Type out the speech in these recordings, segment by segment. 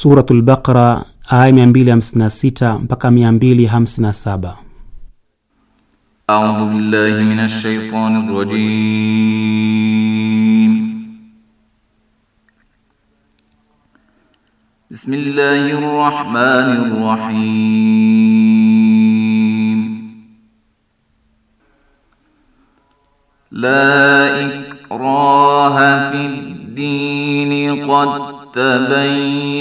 Suratul Baqara aya sita mpaka saba. A'udhu billahi minash shaitanir rajim. Bismillahir rahmanir rahim. La ikraha fid din qad tabayyana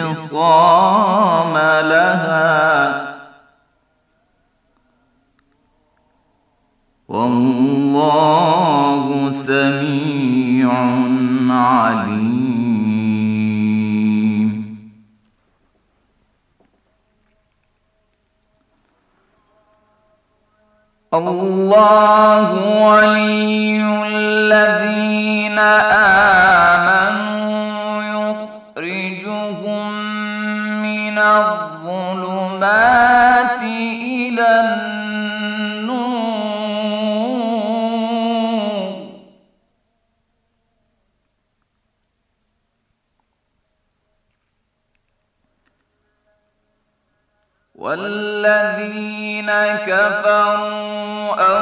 فصام لها والله سميع عليم الله ولي الذين آمنوا الظلمات إلى النور والذين كفروا أو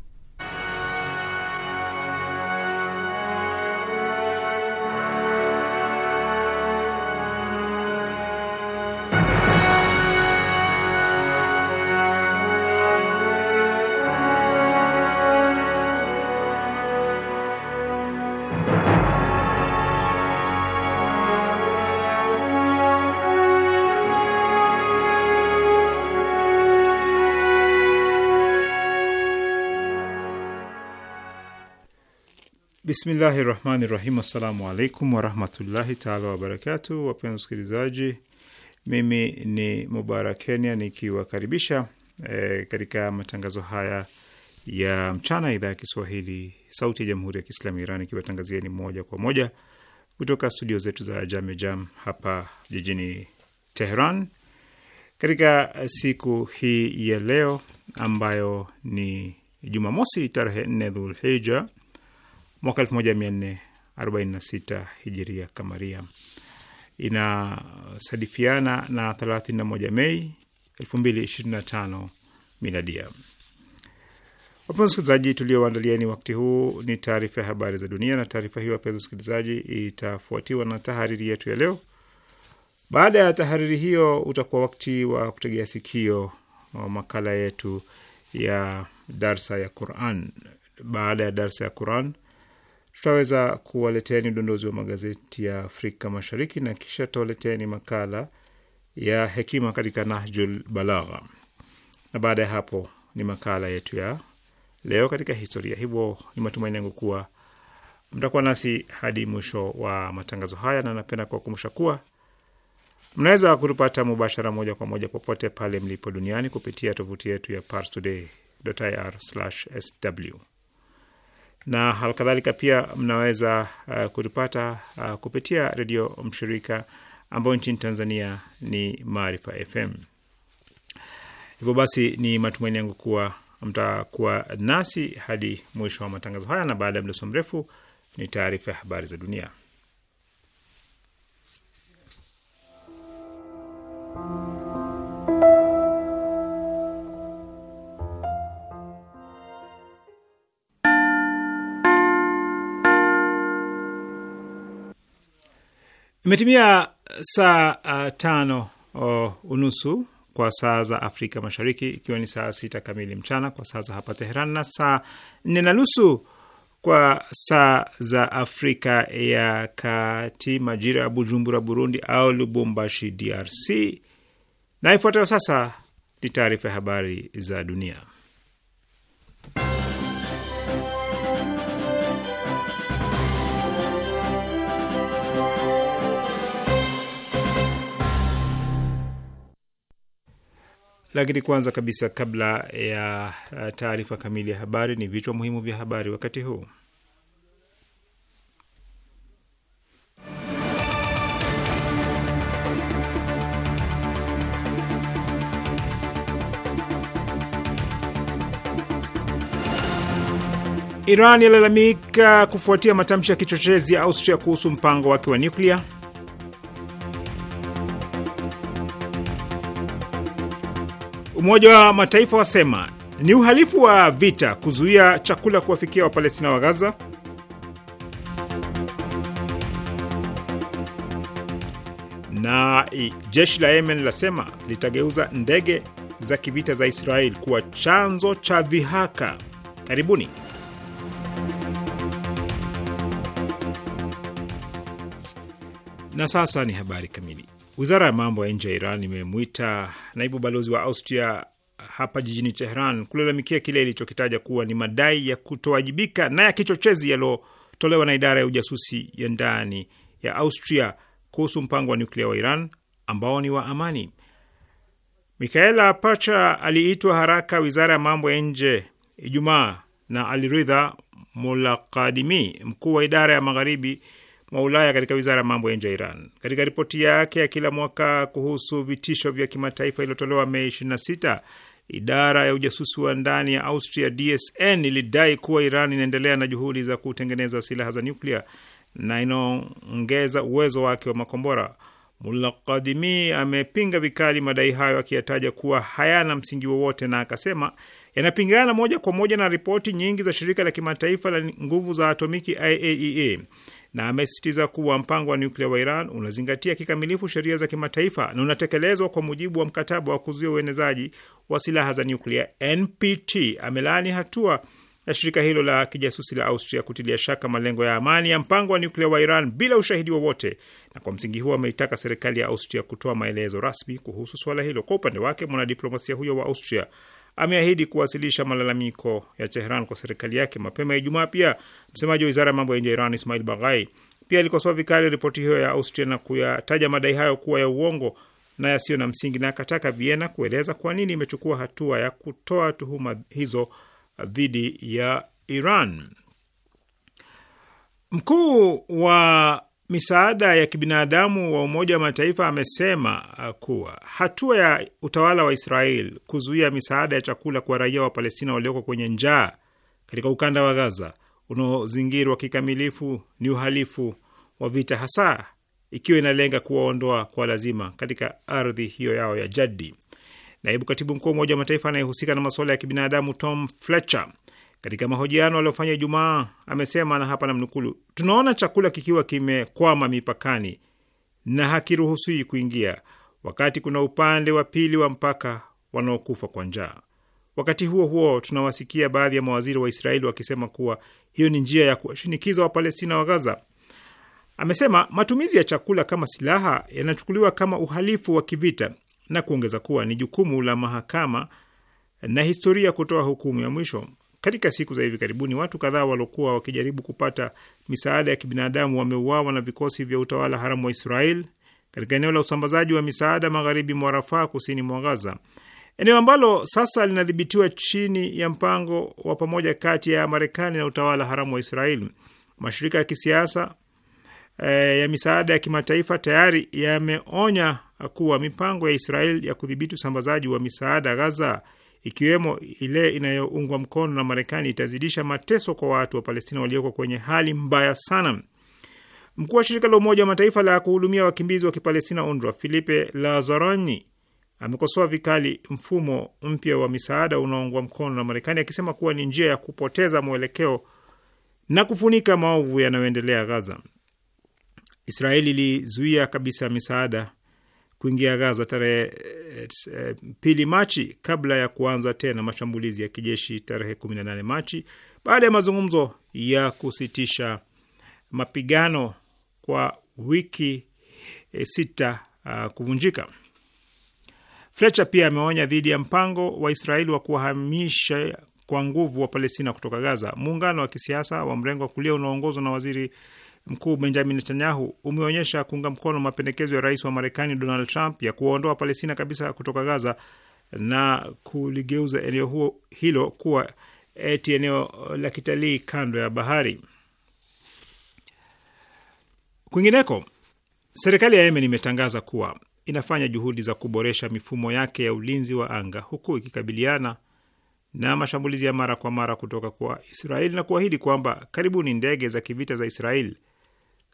Bismillahi rahmani rahim. Assalamu alaikum warahmatullahi taala wabarakatu. Wapenzi wasikilizaji, mimi ni Mubarak Kenya nikiwakaribisha e, katika matangazo haya ya mchana, idhaa ya Kiswahili sauti ya jamhuri ya Kiislamu ya Iran ikiwatangazieni moja kwa moja kutoka studio zetu za Jame Jam hapa jijini Tehran katika siku hii ya leo ambayo ni Jumamosi tarehe nne Dhulhija mwaka elfu moja mia nne arobaini na 1446 hijiria kamaria, inasadifiana na thelathini na moja Mei elfu mbili ishirini na tano miladia. Wapenzi wasikilizaji, tulioandalieni wakati huu ni taarifa ya habari za dunia, na taarifa hiyo wapenzi wasikilizaji, itafuatiwa na tahariri yetu ya leo. Baada ya tahariri hiyo, utakuwa wakati wa kutegea sikio wa makala yetu ya darsa ya Quran. Baada ya darsa ya Quran tutaweza kuwaleteni udondozi wa magazeti ya Afrika Mashariki na kisha tutawaleteni makala ya hekima katika Nahjul Balagha, na baada ya hapo ni makala yetu ya leo katika historia. Hivyo ni matumaini yangu kuwa mtakuwa nasi hadi mwisho wa matangazo haya, na napenda kuwakumbusha kuwa mnaweza kutupata mubashara, moja kwa moja, popote pale mlipo duniani kupitia tovuti yetu ya parstoday.ir/sw na halikadhalika pia mnaweza uh, kutupata uh, kupitia redio mshirika ambayo nchini Tanzania ni Maarifa FM. Hivyo basi ni matumaini yangu kuwa mtakuwa nasi hadi mwisho wa matangazo haya, na baada ya mdoso mrefu ni taarifa ya habari za dunia. Imetimia saa uh, tano uh, unusu kwa saa za Afrika Mashariki, ikiwa ni saa sita kamili mchana kwa saa za hapa Teheran na saa nne na nusu kwa saa za Afrika ya Kati, majira ya Bujumbura, Burundi au Lubumbashi, DRC. Na ifuatayo sasa ni taarifa ya habari za dunia. Lakini kwanza kabisa, kabla ya eh, taarifa kamili ya habari, ni vichwa muhimu vya habari wakati huu. Iran yalalamika kufuatia matamshi ya kichochezi ya Austria kuhusu mpango wake wa nyuklia. Umoja wa Mataifa wasema ni uhalifu wa vita kuzuia chakula kuwafikia Wapalestina wa Gaza. Na jeshi la Yemen lasema litageuza ndege za kivita za Israeli kuwa chanzo cha dhihaka. Karibuni. Na sasa ni habari kamili. Wizara ya mambo ya nje ya Iran imemwita naibu balozi wa Austria hapa jijini Tehran kulalamikia kile ilichokitaja kuwa ni madai ya kutowajibika na ya kichochezi yaliyotolewa na idara ya ujasusi ya ndani ya Austria kuhusu mpango wa nyuklia wa Iran ambao ni wa amani. Mikaela Pacha aliitwa haraka wizara ya mambo ya nje Ijumaa na Aliridha Mulakadimi, mkuu wa idara ya magharibi wa Ulaya katika wizara ya mambo ya nje ya Iran. Katika ripoti yake ya kila mwaka kuhusu vitisho vya kimataifa iliyotolewa Mei 26, idara ya ujasusi wa ndani ya Austria DSN ilidai kuwa Iran inaendelea na juhudi za kutengeneza silaha za nyuklia na inaongeza uwezo wake wa makombora. Mulakadimi amepinga vikali madai hayo akiyataja kuwa hayana msingi wowote, na akasema yanapingana moja kwa moja na ripoti nyingi za shirika la kimataifa la nguvu za atomiki IAEA e na amesisitiza kuwa mpango wa nyuklia wa Iran unazingatia kikamilifu sheria za kimataifa na unatekelezwa kwa mujibu wa mkataba wa kuzuia uenezaji wa silaha za nyuklia NPT. Amelaani hatua ya shirika hilo la kijasusi la Austria kutilia shaka malengo ya amani ya mpango wa nyuklia wa Iran bila ushahidi wowote, na kwa msingi huo ameitaka serikali ya Austria kutoa maelezo rasmi kuhusu suala hilo. Kwa upande wake, mwanadiplomasia huyo wa Austria ameahidi kuwasilisha malalamiko ya Tehran kwa serikali yake. Mapema Ijumaa pia msemaji wa wizara ya mambo ya nje ya Iran Ismail Baghai pia alikosoa vikali ripoti hiyo ya Austria na kuyataja madai hayo kuwa ya uongo na yasiyo na msingi, na akataka Vienna kueleza kwa nini imechukua hatua ya kutoa tuhuma hizo dhidi ya Iran. Mkuu wa misaada ya kibinadamu wa Umoja wa Mataifa amesema uh, kuwa hatua ya utawala wa Israel kuzuia misaada ya chakula kwa raia wa Palestina walioko kwenye njaa katika ukanda wa Gaza unaozingirwa kikamilifu ni uhalifu wa vita, hasa ikiwa inalenga kuwaondoa kwa lazima katika ardhi hiyo yao ya jadi. Naibu katibu mkuu wa Umoja wa Mataifa anayehusika na masuala ya kibinadamu Tom Fletcher katika mahojiano aliyofanya Ijumaa amesema, na hapa namnukulu tunaona chakula kikiwa kimekwama mipakani na hakiruhusiwi kuingia, wakati kuna upande wa pili wa mpaka wanaokufa kwa njaa. Wakati huo huo, tunawasikia baadhi ya mawaziri wa Israeli wakisema kuwa hiyo ni njia ya kuwashinikiza Wapalestina wa Gaza. Amesema matumizi ya chakula kama silaha yanachukuliwa kama uhalifu wa kivita na kuongeza kuwa ni jukumu la mahakama na historia kutoa hukumu ya mwisho. Katika siku za hivi karibuni, watu kadhaa waliokuwa wakijaribu kupata misaada ya kibinadamu wameuawa na vikosi vya utawala haramu wa Israel katika eneo la usambazaji wa misaada magharibi mwa Rafaa, kusini mwa Gaza, eneo ambalo sasa linadhibitiwa chini ya mpango wa pamoja kati ya Marekani na utawala haramu wa Israel. Mashirika ya kisiasa eh, ya misaada ya kimataifa tayari yameonya kuwa mipango ya Israel ya kudhibiti usambazaji wa misaada Gaza ikiwemo ile inayoungwa mkono na Marekani itazidisha mateso kwa watu wa Palestina walioko kwenye hali mbaya sana. Mkuu wa shirika la Umoja wa Mataifa la kuhudumia wakimbizi wa Kipalestina UNRWA Filipe Lazaroni amekosoa vikali mfumo mpya wa misaada unaoungwa mkono na Marekani akisema kuwa ni njia ya kupoteza mwelekeo na kufunika maovu yanayoendelea Gaza. Israeli ilizuia kabisa misaada kuingia Gaza tarehe eh, pili Machi kabla ya kuanza tena mashambulizi ya kijeshi tarehe 18 Machi baada ya mazungumzo ya kusitisha mapigano kwa wiki e, sita uh, kuvunjika. Fletcher pia ameonya dhidi ya mpango wa Israeli wa kuwahamisha kwa nguvu wa Palestina kutoka Gaza. Muungano wa kisiasa wa mrengo wa kulia unaoongozwa na waziri mkuu Benjamin Netanyahu umeonyesha kuunga mkono mapendekezo ya rais wa Marekani Donald Trump ya kuwaondoa Palestina kabisa kutoka Gaza na kuligeuza eneo huo hilo kuwa eti eneo la kitalii kando ya bahari. Kwingineko, serikali ya Yemen imetangaza kuwa inafanya juhudi za kuboresha mifumo yake ya ulinzi wa anga huku ikikabiliana na mashambulizi ya mara kwa mara kutoka kwa Israeli na kuahidi kwamba karibuni ndege za kivita za Israeli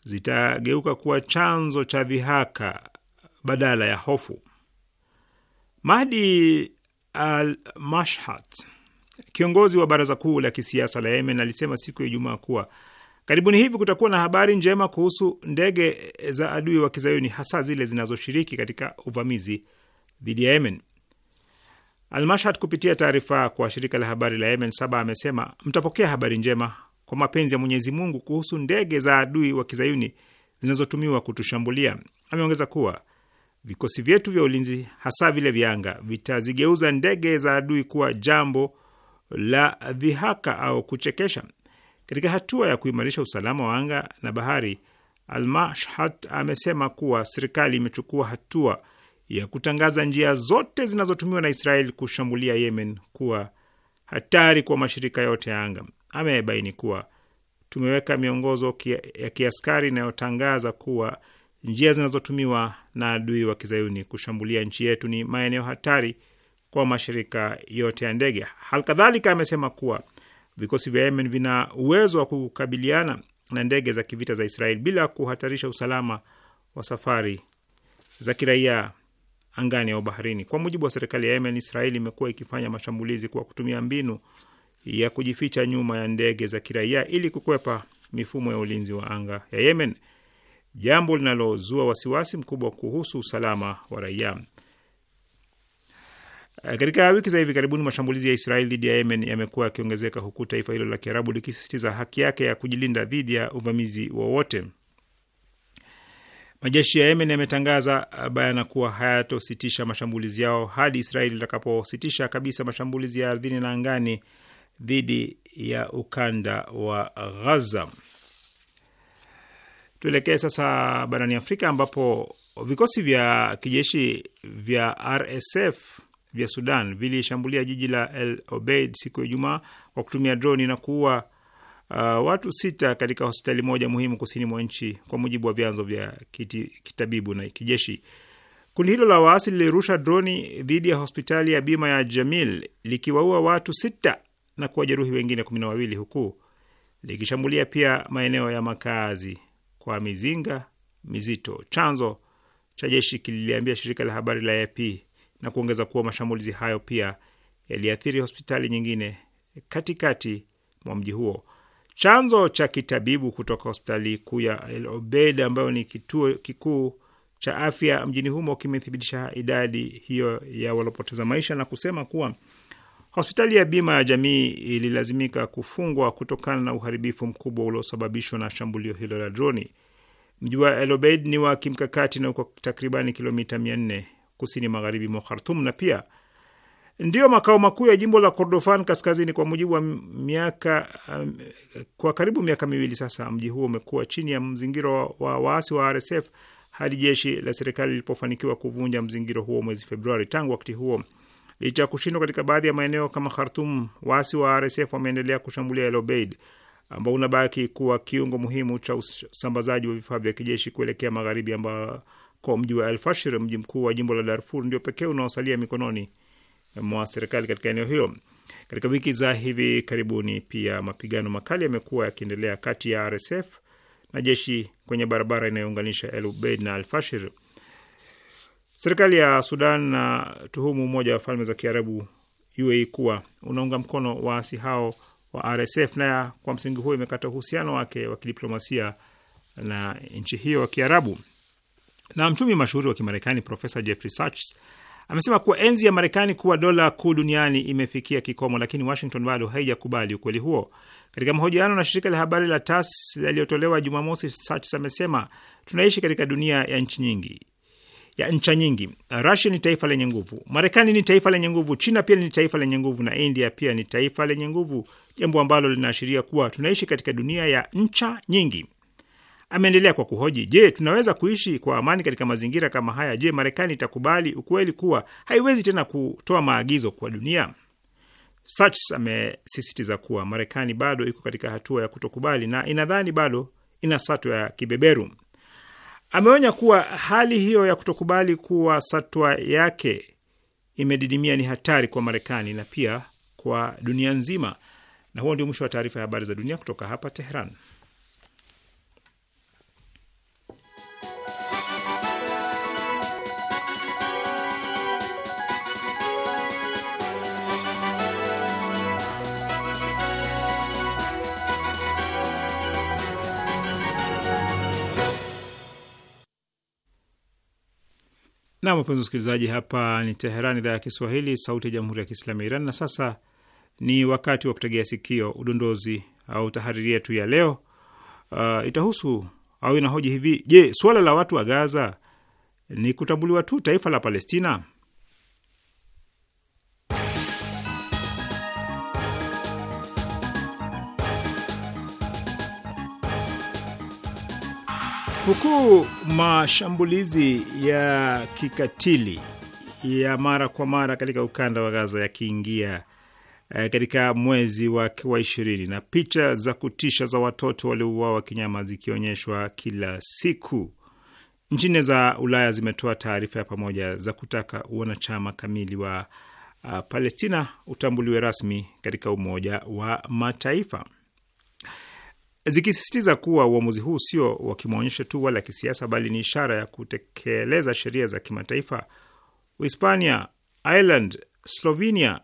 zitageuka kuwa chanzo cha vihaka badala ya hofu. Mahdi al-Mashhat, kiongozi wa baraza kuu la kisiasa la Yemen, alisema siku ya Ijumaa kuwa karibuni hivi kutakuwa na habari njema kuhusu ndege za adui wa kizayuni, hasa zile zinazoshiriki katika uvamizi dhidi ya Yemen. Almashhad kupitia taarifa kwa shirika la habari la Yemen Saba amesema mtapokea habari njema kwa mapenzi ya Mwenyezi Mungu kuhusu ndege za adui wa kizayuni zinazotumiwa kutushambulia. Ameongeza kuwa vikosi vyetu vya ulinzi, hasa vile vya anga, vitazigeuza ndege za adui kuwa jambo la dhihaka au kuchekesha. Katika hatua ya kuimarisha usalama wa anga na bahari, Almashhat amesema kuwa serikali imechukua hatua ya kutangaza njia zote zinazotumiwa na Israeli kushambulia Yemen kuwa hatari kwa mashirika yote ya anga amebaini kuwa tumeweka miongozo ya kiaskari inayotangaza kuwa njia zinazotumiwa na adui wa kizayuni kushambulia nchi yetu ni maeneo hatari kwa mashirika yote ya ndege. Halikadhalika amesema kuwa vikosi vya Yemen vina uwezo wa kukabiliana na ndege za kivita za Israeli bila kuhatarisha usalama wa safari za kiraia angani au baharini. Kwa mujibu wa serikali ya Yemen, Israeli imekuwa ikifanya mashambulizi kwa kutumia mbinu ya kujificha nyuma ya ndege za kiraia ili kukwepa mifumo ya ulinzi wa anga ya Yemen, jambo linalozua wasiwasi mkubwa kuhusu usalama wa raia. Katika wiki za hivi karibuni, mashambulizi ya Israeli dhidi ya Yemen yamekuwa yakiongezeka huku taifa hilo la Kiarabu likisisitiza haki yake ya kujilinda dhidi ya uvamizi wowote. Majeshi ya Yemen yametangaza bayana kuwa hayatositisha mashambulizi yao hadi Israeli itakapositisha kabisa mashambulizi ya ardhini na angani dhidi ya ukanda wa Ghaza. Tuelekee sasa barani Afrika ambapo vikosi vya kijeshi vya RSF vya Sudan vilishambulia jiji la El Obeid siku ya Ijumaa kwa kutumia droni na kuua uh, watu sita katika hospitali moja muhimu kusini mwa nchi, kwa mujibu wa vyanzo vya kiti, kitabibu na kijeshi. Kundi hilo la waasi lilirusha droni dhidi ya hospitali ya bima ya Jamil likiwaua watu sita na kuwajeruhi wengine kumi na wawili huku likishambulia pia maeneo ya makazi kwa mizinga mizito. Chanzo cha jeshi kililiambia shirika la habari la AFP na kuongeza kuwa mashambulizi hayo pia yaliathiri hospitali nyingine katikati mwa mji huo. Chanzo cha kitabibu kutoka hospitali kuu ya El Obeid ambayo ni kituo kikuu cha afya mjini humo kimethibitisha idadi hiyo ya walopoteza maisha na kusema kuwa Hospitali ya bima ya jamii ililazimika kufungwa kutokana na uharibifu mkubwa uliosababishwa na shambulio hilo la droni. Mji wa El Obeid ni wa kimkakati na uko takribani kilomita 400 kusini magharibi mwa Khartum na pia ndiyo makao makuu ya jimbo la Kordofan kaskazini. Kwa mujibu wa miaka um, kwa karibu miaka miwili sasa, mji huo umekuwa chini ya mzingiro wa waasi wa RSF hadi jeshi la serikali lilipofanikiwa kuvunja mzingiro huo mwezi Februari. Tangu wakati huo Licha ya kushindwa katika baadhi ya maeneo kama Khartum, waasi wa RSF wameendelea kushambulia El Obeid ambao unabaki kuwa kiungo muhimu cha usambazaji wa vifaa vya kijeshi kuelekea magharibi, ambako mji wa Alfashir, mji mkuu wa jimbo la Darfur, ndio pekee unaosalia mikononi mwa serikali katika eneo hilo. Katika wiki za hivi karibuni, pia mapigano makali yamekuwa yakiendelea kati ya RSF na jeshi kwenye barabara inayounganisha El Ubeid na Alfashir. Serikali ya Sudan na tuhumu Umoja wa Falme za Kiarabu UAE kuwa unaunga mkono waasi hao wa RSF na kwa msingi huo imekata uhusiano wake wa kidiplomasia na nchi hiyo ya Kiarabu. Na mchumi mashuhuri wa Kimarekani Profesa Jeffrey Sachs amesema kuwa enzi ya Marekani kuwa dola kuu duniani imefikia kikomo, lakini Washington bado haijakubali ukweli huo. Katika mahojiano na shirika la habari la TASS yaliyotolewa Jumamosi, Sachs amesema tunaishi katika dunia ya nchi nyingi ya ncha nyingi. Rusia ni taifa lenye nguvu, Marekani ni taifa lenye nguvu, China pia ni taifa lenye nguvu, na India pia ni taifa lenye nguvu, jambo ambalo linaashiria kuwa tunaishi katika dunia ya ncha nyingi. Ameendelea kwa kuhoji, je, tunaweza kuishi kwa amani katika mazingira kama haya? Je, Marekani itakubali ukweli kuwa haiwezi tena kutoa maagizo kwa dunia? Sachs amesisitiza kuwa Marekani bado iko katika hatua ya kutokubali na inadhani bado ina sato ya kibeberu. Ameonya kuwa hali hiyo ya kutokubali kuwa satwa yake imedidimia ni hatari kwa Marekani na pia kwa dunia nzima. Na huo ndio mwisho wa taarifa ya habari za dunia kutoka hapa teheran Na wapenzi wasikilizaji, hapa ni Teheran, idhaa ya Kiswahili, sauti ya jamhuri ya kiislamu ya Iran. Na sasa ni wakati wa kutegea sikio udondozi au tahariri yetu ya leo. Uh, itahusu au inahoji hivi: Je, suala la watu wa Gaza ni kutambuliwa tu taifa la Palestina? Huku mashambulizi ya kikatili ya mara kwa mara katika ukanda wa Gaza yakiingia eh, katika mwezi wake wa ishirini na picha za kutisha za watoto waliouawa kinyama zikionyeshwa kila siku, nchi nne za Ulaya zimetoa taarifa ya pamoja za kutaka wanachama kamili wa uh, Palestina utambuliwe rasmi katika Umoja wa Mataifa zikisisitiza kuwa uamuzi huu sio wa kimaonyesho tu wala kisiasa, bali ni ishara ya kutekeleza sheria za kimataifa. Uhispania, Ireland, Slovenia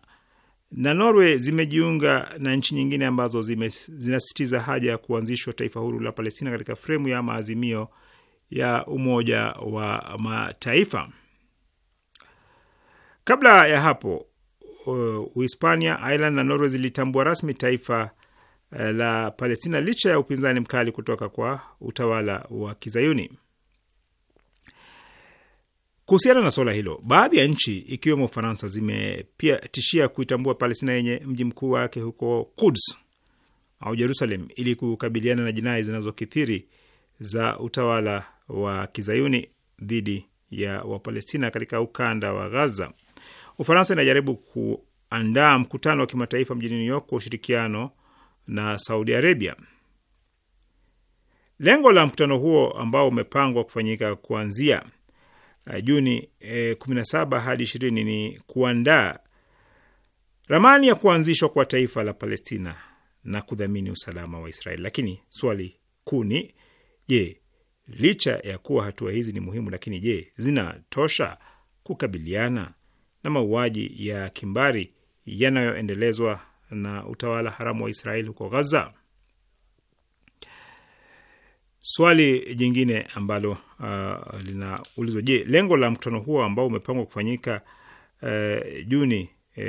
na Norway zimejiunga na nchi nyingine ambazo zime, zinasisitiza haja ya kuanzishwa taifa huru la Palestina katika fremu ya maazimio ya Umoja wa Mataifa. Kabla ya hapo uh, Uhispania, Ireland na Norway zilitambua rasmi taifa Eh, la Palestina licha ya upinzani mkali kutoka kwa utawala wa Kizayuni. Kuhusiana na suala hilo, baadhi ya nchi ikiwemo Ufaransa zimetishia kuitambua Palestina yenye mji mkuu wake huko Kuds au Jerusalem ili kukabiliana na jinai zinazokithiri za utawala wa Kizayuni dhidi ya Wapalestina katika ukanda wa Gaza. Ufaransa inajaribu kuandaa mkutano wa kimataifa mjini New York kwa ushirikiano na Saudi Arabia. Lengo la mkutano huo ambao umepangwa kufanyika kuanzia eh, Juni e, eh, 17 hadi 20 ni kuandaa ramani ya kuanzishwa kwa taifa la Palestina na kudhamini usalama wa Israeli. Lakini swali kuu ni je, licha ya kuwa hatua hizi ni muhimu, lakini je, zinatosha kukabiliana na mauaji ya kimbari yanayoendelezwa na utawala haramu wa Israeli huko Gaza. Swali jingine ambalo uh, linaulizwa, je, lengo la mkutano huo ambao umepangwa kufanyika uh, Juni uh,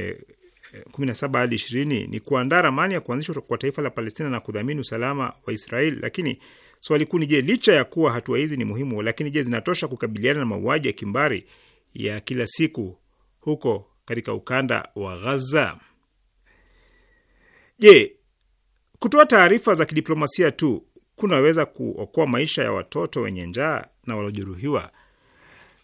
17 hadi 20 ni kuandaa ramani ya kuanzishwa kwa taifa la Palestina na kudhamini usalama wa Israeli. Lakini swali kuu ni je, licha ya kuwa hatua hizi ni muhimu, lakini je, zinatosha kukabiliana na mauaji ya kimbari ya kila siku huko katika ukanda wa Gaza? Je, kutoa taarifa za kidiplomasia tu kunaweza kuokoa maisha ya watoto wenye njaa na waliojeruhiwa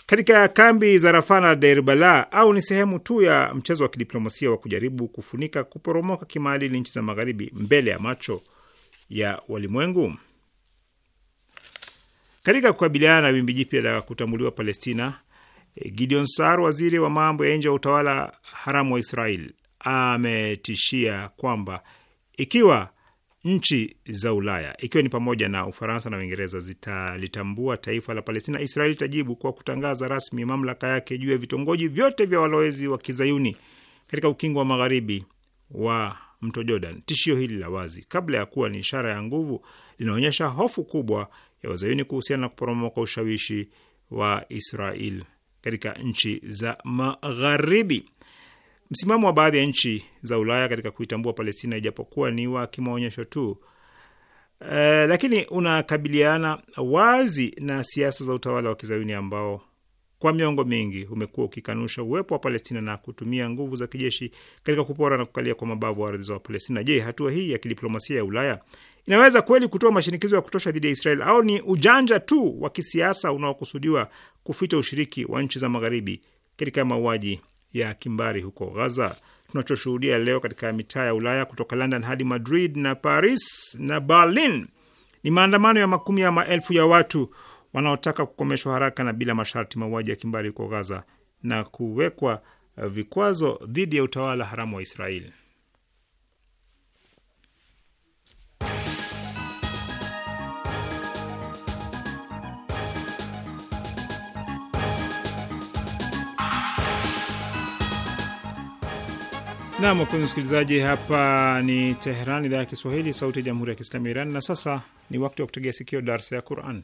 katika kambi za rafana na Derbala au ni sehemu tu ya mchezo wa kidiplomasia wa kujaribu kufunika kuporomoka kimaadili nchi za magharibi mbele ya macho ya walimwengu? Katika kukabiliana na wimbi jipya la kutambuliwa Palestina, Gideon Sar, waziri wa mambo ya nje wa utawala haramu wa Israeli, ametishia kwamba ikiwa nchi za Ulaya ikiwa ni pamoja na Ufaransa na Uingereza zitalitambua taifa la Palestina, Israeli itajibu kwa kutangaza rasmi mamlaka yake juu ya vitongoji vyote vya walowezi wa kizayuni katika ukingo wa magharibi wa mto Jordan. Tishio hili la wazi, kabla ya kuwa ni ishara ya nguvu, linaonyesha hofu kubwa ya wazayuni kuhusiana na kuporomoka ushawishi wa Israel katika nchi za magharibi. Msimamo wa baadhi ya nchi za Ulaya katika kuitambua Palestina, ijapokuwa ni wa kimaonyesho tu, e, lakini unakabiliana wazi na siasa za utawala wa kizayuni ambao kwa miongo mingi umekuwa ukikanusha uwepo wa Palestina na kutumia nguvu za kijeshi katika kupora na kukalia kwa mabavu ardhi za Wapalestina. Je, hatua hii ya kidiplomasia ya Ulaya inaweza kweli kutoa mashinikizo ya kutosha dhidi ya Israel au ni ujanja tu wa kisiasa unaokusudiwa kuficha ushiriki wa nchi za magharibi katika mauaji ya kimbari huko Ghaza. Tunachoshuhudia leo katika mitaa ya Ulaya kutoka London hadi Madrid na Paris na Berlin ni maandamano ya makumi ya maelfu ya watu wanaotaka kukomeshwa haraka na bila masharti mauaji ya kimbari huko Gaza na kuwekwa vikwazo dhidi ya utawala haramu wa Israeli. Nam, wapenzi msikilizaji, hapa ni Teheran, idhaa ya Kiswahili, sauti ya jamhuri ya kiislamu ya Iran. Na sasa ni wakati wa kutegea sikio darsa ya Quran.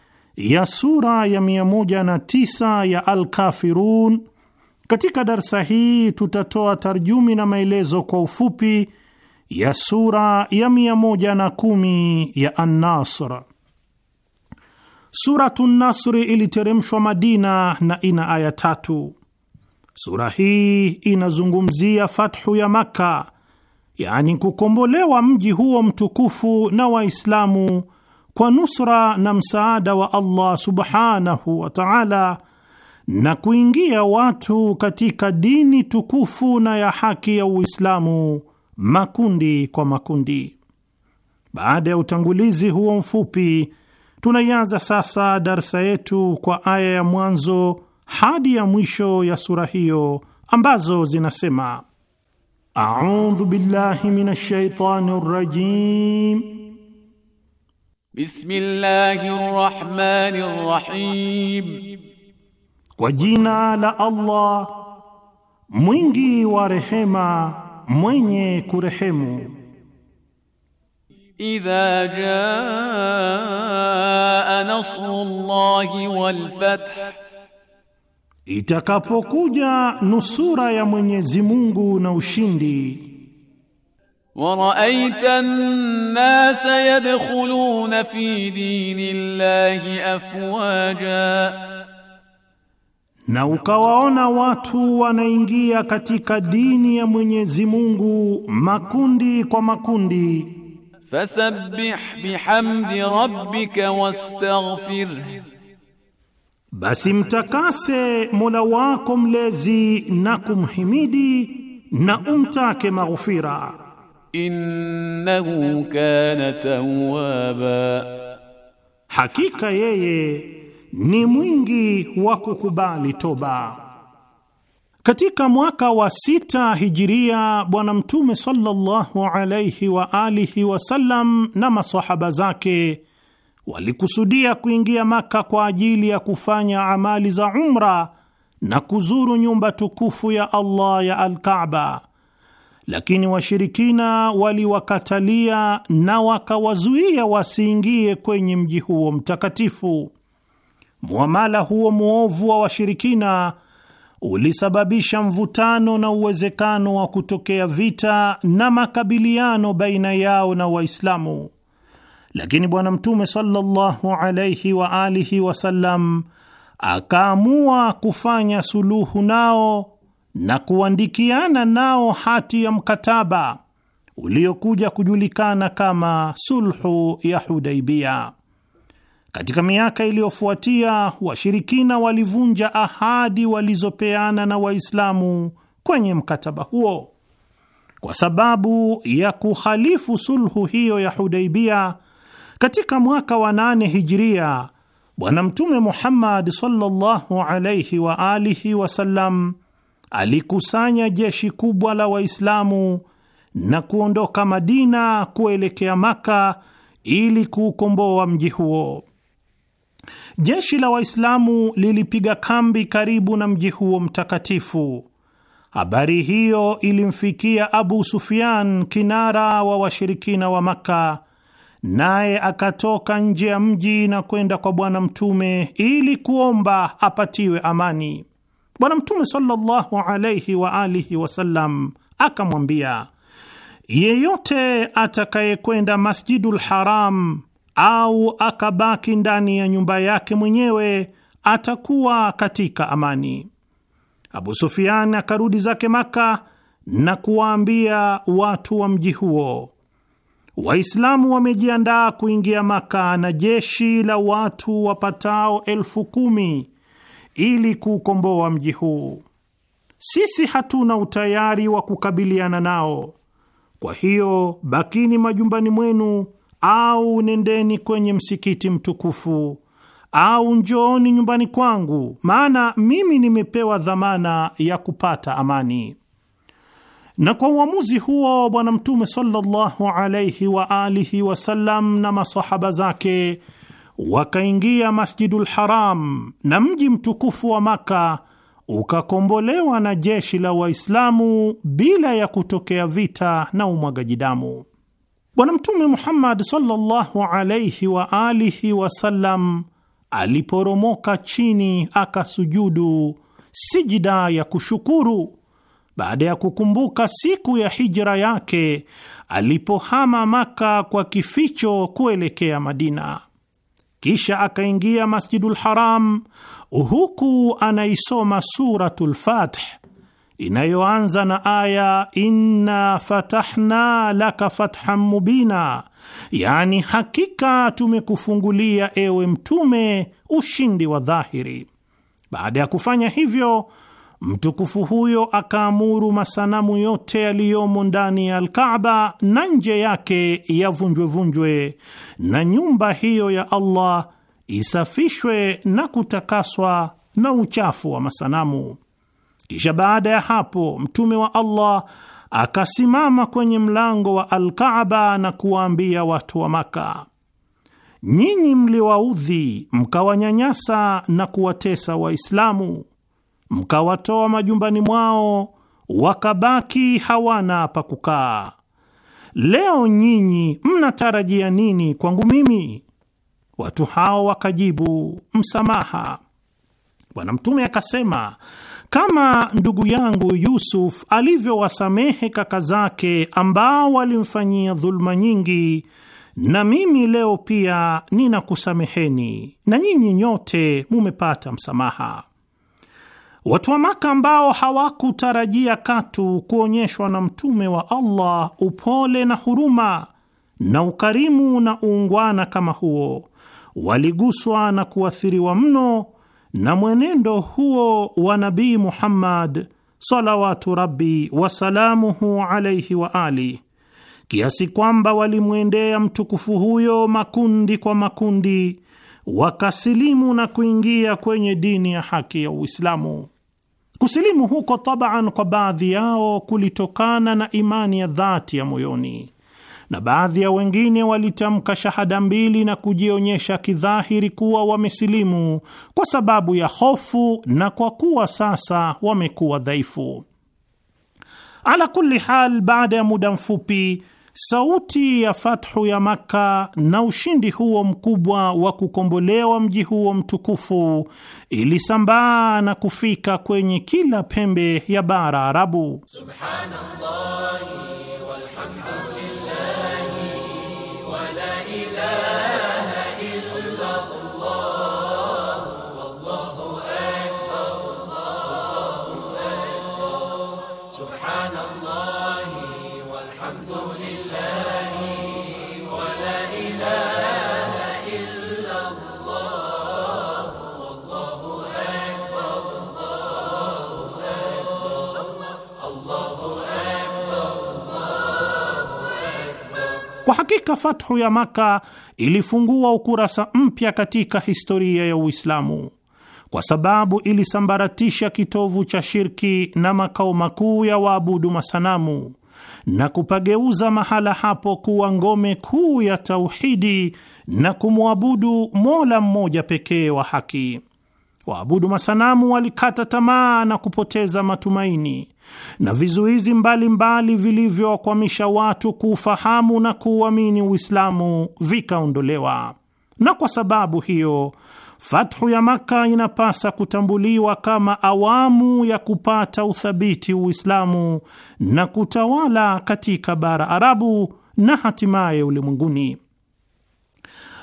ya sura ya 109 ya Al-Kafirun. Katika darsa hii tutatoa tarjumi na maelezo kwa ufupi ya sura ya 110 ya An-Nasr. Suratu Nasri iliteremshwa Madina na ina aya tatu. Sura hii inazungumzia fathu ya Makka, yaani kukombolewa mji huo mtukufu na Waislamu kwa nusra na msaada wa Allah subhanahu wa ta'ala na kuingia watu katika dini tukufu na ya haki ya Uislamu makundi kwa makundi. Baada ya utangulizi huo mfupi, tunaianza sasa darsa yetu kwa aya ya mwanzo hadi ya mwisho ya sura hiyo ambazo zinasema: A'udhu billahi minash shaitani rajim Bismillahir Rahmanir Rahim, kwa jina la Allah mwingi wa rehema mwenye kurehemu. Idha jaa nasrullahi wal fath, itakapokuja nusura ya Mwenyezi Mungu na ushindi waraita nnasa yadkhuluna fi dini llahi afwaja, na ukawaona watu wanaingia katika dini ya Mwenyezi Mungu makundi kwa makundi. Fasabbih bihamdi rabbika wastaghfir, basi mtakase Mola wako mlezi na kumhimidi na umtake maghfira innahu kana tawwaba, hakika yeye ni mwingi wa kukubali toba. Katika mwaka wa sita hijiria, Bwana Mtume sallallahu alayhi wa alihi wasallam na masahaba zake walikusudia kuingia Maka kwa ajili ya kufanya amali za umra na kuzuru nyumba tukufu ya Allah ya Al-Kaaba lakini washirikina waliwakatalia na wakawazuia wasiingie kwenye mji huo mtakatifu. Muamala huo mwovu wa washirikina ulisababisha mvutano na uwezekano wa kutokea vita na makabiliano baina yao na Waislamu, lakini Bwana Mtume sallallahu alaihi wa alihi wasallam akaamua kufanya suluhu nao na kuandikiana nao hati ya mkataba uliokuja kujulikana kama sulhu ya Hudaibia. Katika miaka iliyofuatia, washirikina walivunja ahadi walizopeana na Waislamu kwenye mkataba huo. Kwa sababu ya kuhalifu sulhu hiyo ya Hudaibia, katika mwaka wa nane Hijiria, Bwana Mtume Muhammad sallallahu alaihi wa alihi wasallam alikusanya jeshi kubwa la Waislamu na kuondoka Madina kuelekea Maka ili kuukomboa mji huo. Jeshi la Waislamu lilipiga kambi karibu na mji huo mtakatifu. Habari hiyo ilimfikia Abu Sufyan, kinara wa washirikina wa Makka, naye akatoka nje ya mji na kwenda kwa Bwana Mtume ili kuomba apatiwe amani. Bwana Mtume sallallahu alaihi wa alihi wasallam akamwambia, yeyote atakayekwenda Masjidul Haram au akabaki ndani ya nyumba yake mwenyewe atakuwa katika amani. Abu Sufyan akarudi zake Maka na kuwaambia watu wa mji huo, Waislamu wamejiandaa kuingia Maka na jeshi la watu wapatao elfu kumi ili kuukomboa mji huu. Sisi hatuna utayari wa kukabiliana nao. Kwa hiyo bakini majumbani mwenu, au nendeni kwenye msikiti mtukufu, au njooni nyumbani kwangu, maana mimi nimepewa dhamana ya kupata amani. Na kwa uamuzi huo Bwana Mtume sallallahu alaihi wa alihi wasallam na masahaba zake wakaingia Masjidul Haram na mji mtukufu wa Maka ukakombolewa na jeshi la Waislamu bila ya kutokea vita na umwagaji damu. Bwana Mtume Muhammad sallallahu alayhi wa alihi wasallam aliporomoka chini akasujudu sijida ya kushukuru baada ya kukumbuka siku ya hijra yake alipohama Maka kwa kificho kuelekea Madina kisha akaingia Masjidul Haram huku anaisoma Suratul Fath inayoanza na aya inna fatahna laka fathan mubina, yani hakika tumekufungulia ewe Mtume ushindi wa dhahiri. Baada ya kufanya hivyo mtukufu huyo akaamuru masanamu yote yaliyomo ndani ya Alkaaba na nje yake yavunjwevunjwe na nyumba hiyo ya Allah isafishwe na kutakaswa na uchafu wa masanamu. Kisha baada ya hapo, mtume wa Allah akasimama kwenye mlango wa Alkaaba na kuwaambia watu wa Maka, nyinyi mliwaudhi mkawanyanyasa na kuwatesa Waislamu mkawatoa majumbani mwao wakabaki hawana pa kukaa. Leo nyinyi mnatarajia nini kwangu mimi? Watu hao wakajibu, msamaha. Bwana Mtume akasema, kama ndugu yangu Yusuf alivyowasamehe kaka zake ambao walimfanyia dhuluma nyingi, na mimi leo pia ninakusameheni na nyinyi nyote mumepata msamaha. Watu wa Maka ambao hawakutarajia katu kuonyeshwa na mtume wa Allah upole na huruma na ukarimu na uungwana kama huo, waliguswa na kuathiriwa mno na mwenendo huo wa Nabii Muhammad salawatu rabi wasalamuhu alaihi wa ali, kiasi kwamba walimwendea mtukufu huyo makundi kwa makundi, wakasilimu na kuingia kwenye dini ya haki ya Uislamu. Kusilimu huko tabaan kwa baadhi yao kulitokana na imani ya dhati ya moyoni, na baadhi ya wengine walitamka shahada mbili na kujionyesha kidhahiri kuwa wamesilimu kwa sababu ya hofu na kwa kuwa sasa wamekuwa dhaifu. Ala kulli hal, baada ya muda mfupi Sauti ya fathu ya Makka na ushindi huo mkubwa wa kukombolewa mji huo mtukufu ilisambaa na kufika kwenye kila pembe ya bara Arabu. Subhanallah. Kwa hakika fathu ya Maka ilifungua ukurasa mpya katika historia ya Uislamu kwa sababu ilisambaratisha kitovu cha shirki na makao makuu ya waabudu masanamu na kupageuza mahala hapo kuwa ngome kuu ya tauhidi na kumwabudu Mola mmoja pekee wa haki. Waabudu masanamu walikata tamaa na kupoteza matumaini na vizuizi mbalimbali vilivyowakwamisha watu kuufahamu na kuuamini Uislamu vikaondolewa. Na kwa sababu hiyo fathu ya makka inapasa kutambuliwa kama awamu ya kupata uthabiti Uislamu na kutawala katika bara Arabu na hatimaye ulimwenguni.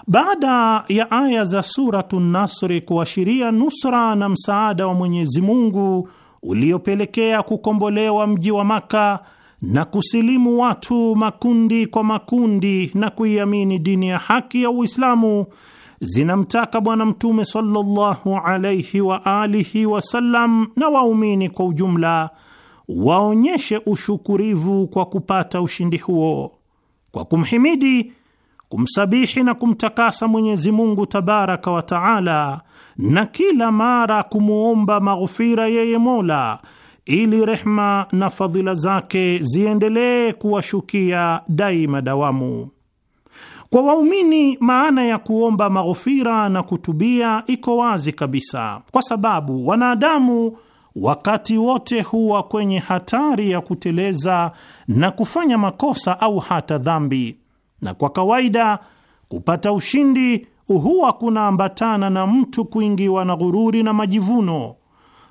Baada ya aya za Suratu Nasri kuashiria nusra na msaada wa Mwenyezi Mungu uliopelekea kukombolewa mji wa Maka na kusilimu watu makundi kwa makundi na kuiamini dini ya haki ya Uislamu zinamtaka Bwana Mtume sallallahu alaihi wa alihi wasallam na waumini kwa ujumla waonyeshe ushukurivu kwa kupata ushindi huo kwa kumhimidi, kumsabihi na kumtakasa Mwenyezi Mungu tabaraka wa taala na kila mara kumwomba maghfira yeye Mola ili rehma na fadhila zake ziendelee kuwashukia daima dawamu. Kwa waumini, maana ya kuomba maghfira na kutubia iko wazi kabisa, kwa sababu wanadamu wakati wote huwa kwenye hatari ya kuteleza na kufanya makosa au hata dhambi, na kwa kawaida kupata ushindi huwa kunaambatana na mtu kuingiwa na ghururi na majivuno,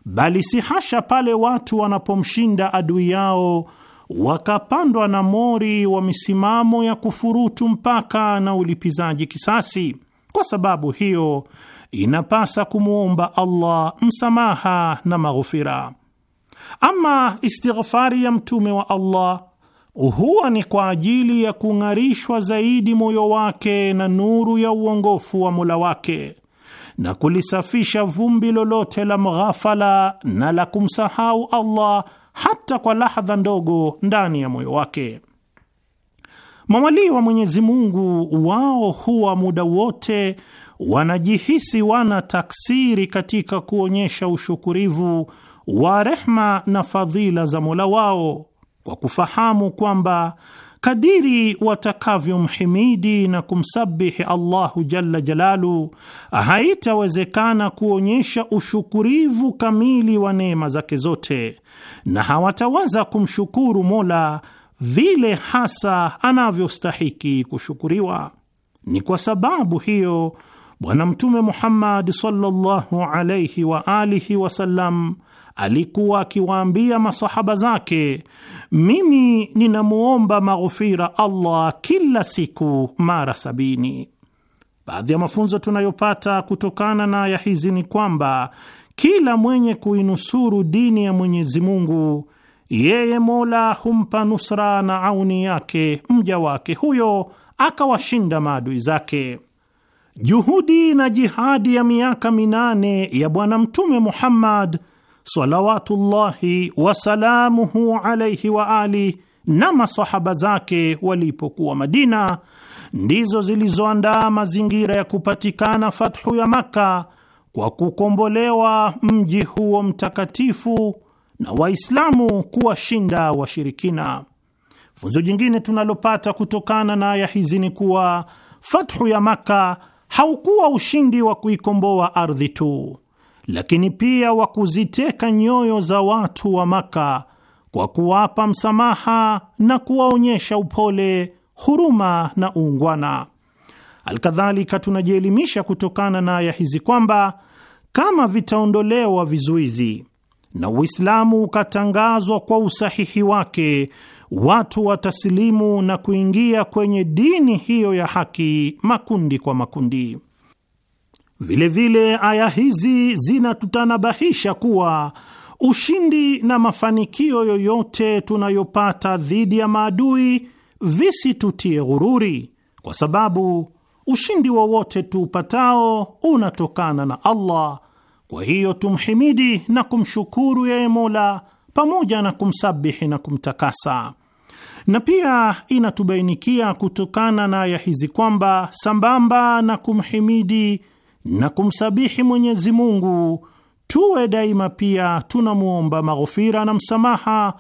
bali si hasha pale watu wanapomshinda adui yao wakapandwa na mori wa misimamo ya kufurutu mpaka na ulipizaji kisasi. Kwa sababu hiyo inapasa kumwomba Allah msamaha na maghufira. Ama istighfari ya mtume wa Allah huwa ni kwa ajili ya kung'arishwa zaidi moyo wake na nuru ya uongofu wa Mola wake na kulisafisha vumbi lolote la mghafala na la kumsahau Allah hata kwa lahadha ndogo ndani ya moyo wake. Mawalii wa Mwenyezi Mungu wao huwa muda wote wanajihisi wana taksiri katika kuonyesha ushukurivu wa rehma na fadhila za Mola wao kwa kufahamu kwamba kadiri watakavyomhimidi na kumsabihi Allahu jalla jalalu, haitawezekana kuonyesha ushukurivu kamili wa neema zake zote, na hawataweza kumshukuru Mola vile hasa anavyostahiki kushukuriwa. Ni kwa sababu hiyo Bwana Mtume Muhammad sallallahu alayhi wa alihi wasallam alikuwa akiwaambia masahaba zake, mimi ninamwomba maghufira Allah kila siku mara sabini. Baadhi ya mafunzo tunayopata kutokana na aya hizi ni kwamba kila mwenye kuinusuru dini ya Mwenyezi Mungu, yeye Mola humpa nusra na auni yake mja wake huyo, akawashinda maadui zake. Juhudi na jihadi ya miaka minane ya Bwana Mtume Muhammad salawatullahi wasalamuhu alaihi wa ali na masahaba zake walipokuwa Madina ndizo zilizoandaa mazingira ya kupatikana fathu ya Makka kwa kukombolewa mji huo mtakatifu na Waislamu kuwashinda washirikina. Funzo jingine tunalopata kutokana na aya hizi ni kuwa fathu ya Makka haukuwa ushindi wa kuikomboa ardhi tu lakini pia wa kuziteka nyoyo za watu wa Maka kwa kuwapa msamaha na kuwaonyesha upole, huruma na uungwana. Alkadhalika, tunajielimisha kutokana na aya hizi kwamba kama vitaondolewa vizuizi na Uislamu ukatangazwa kwa usahihi wake, watu watasilimu na kuingia kwenye dini hiyo ya haki makundi kwa makundi. Vilevile aya hizi zinatutanabahisha kuwa ushindi na mafanikio yoyote tunayopata dhidi ya maadui visitutie ghururi, kwa sababu ushindi wowote tuupatao unatokana na Allah. Kwa hiyo tumhimidi na kumshukuru yeye Mola pamoja na kumsabihi na kumtakasa. Na pia inatubainikia kutokana na aya hizi kwamba sambamba na kumhimidi na kumsabihi Mwenyezi Mungu, tuwe daima pia tunamwomba maghufira na msamaha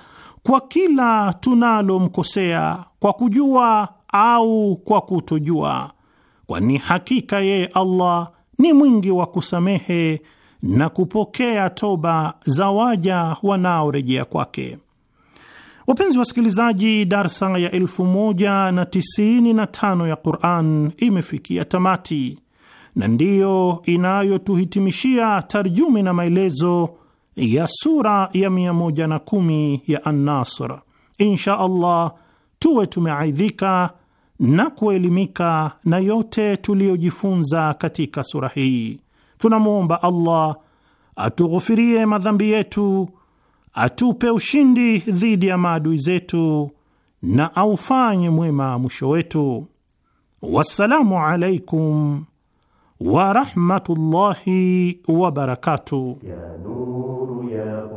kwa kila tunalomkosea kwa kujua au kwa kutojua, kwani hakika yeye Allah ni mwingi wa kusamehe na kupokea toba za waja wanaorejea kwake. Wapenzi wasikilizaji, darsa ya elfu ya Quran imefikia tamati na ndiyo inayotuhitimishia tarjumi na maelezo ya sura ya 110 ya An-Nasr. Insha Allah tuwe tumeaidhika na kuelimika na yote tuliyojifunza katika sura hii. Tunamwomba Allah atughufirie madhambi yetu, atupe ushindi dhidi ya maadui zetu na aufanye mwema mwisho wetu. Wassalamu alaikum ورحمة الله وبركاته يا نور يا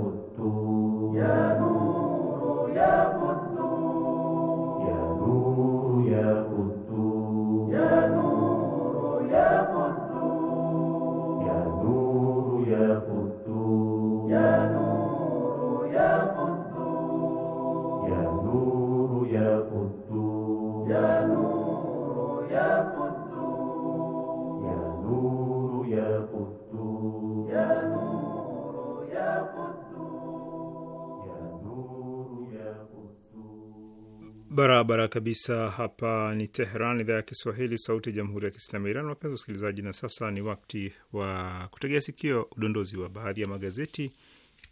Barabara kabisa. Hapa ni Teheran, idhaa ya Kiswahili, sauti ya jamhuri ya kiislamu ya Iran. Wapenzi wasikilizaji, na sasa ni wakati wa kutegea sikio udondozi wa baadhi ya magazeti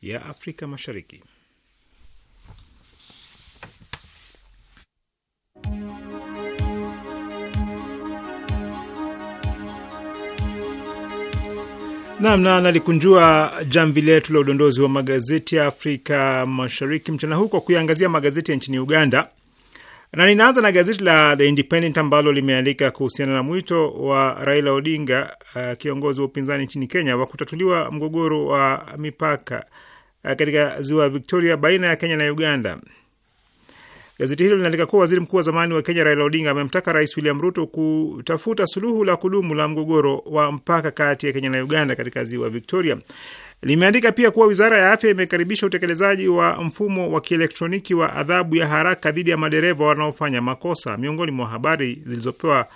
ya Afrika Mashariki. Nam na nalikunjua jamvi letu la udondozi wa magazeti ya Afrika Mashariki mchana huu kwa kuiangazia magazeti ya nchini Uganda na ninaanza na gazeti la The Independent ambalo limeandika kuhusiana na mwito wa Raila Odinga, uh, kiongozi wa upinzani nchini Kenya, wa kutatuliwa mgogoro wa mipaka uh, katika ziwa Victoria baina ya Kenya na Uganda. Gazeti hilo linaandika kuwa waziri mkuu wa zamani wa Kenya Raila Odinga amemtaka Rais William Ruto kutafuta suluhu la kudumu la mgogoro wa mpaka kati ya Kenya na Uganda katika ziwa Victoria limeandika pia kuwa wizara ya afya imekaribisha utekelezaji wa mfumo wa kielektroniki wa adhabu ya haraka dhidi ya madereva wanaofanya makosa. Miongoni mwa habari zilizopewa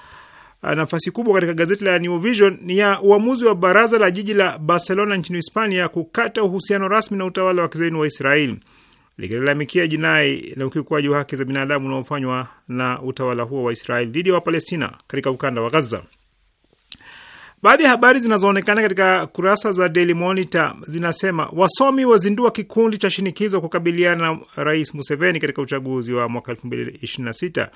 uh, nafasi kubwa katika gazeti la New Vision ni ya uamuzi wa baraza la jiji la Barcelona nchini Hispania kukata uhusiano rasmi na utawala wa kizaini wa Israeli likilalamikia jinai na ukiukuaji wa haki za binadamu unaofanywa na utawala huo wa Israeli dhidi ya Wapalestina katika ukanda wa Gaza. Baadhi ya habari zinazoonekana katika kurasa za Daily Monitor zinasema wasomi wazindua kikundi cha shinikizo kukabiliana na Rais Museveni katika uchaguzi wa mwaka 2026.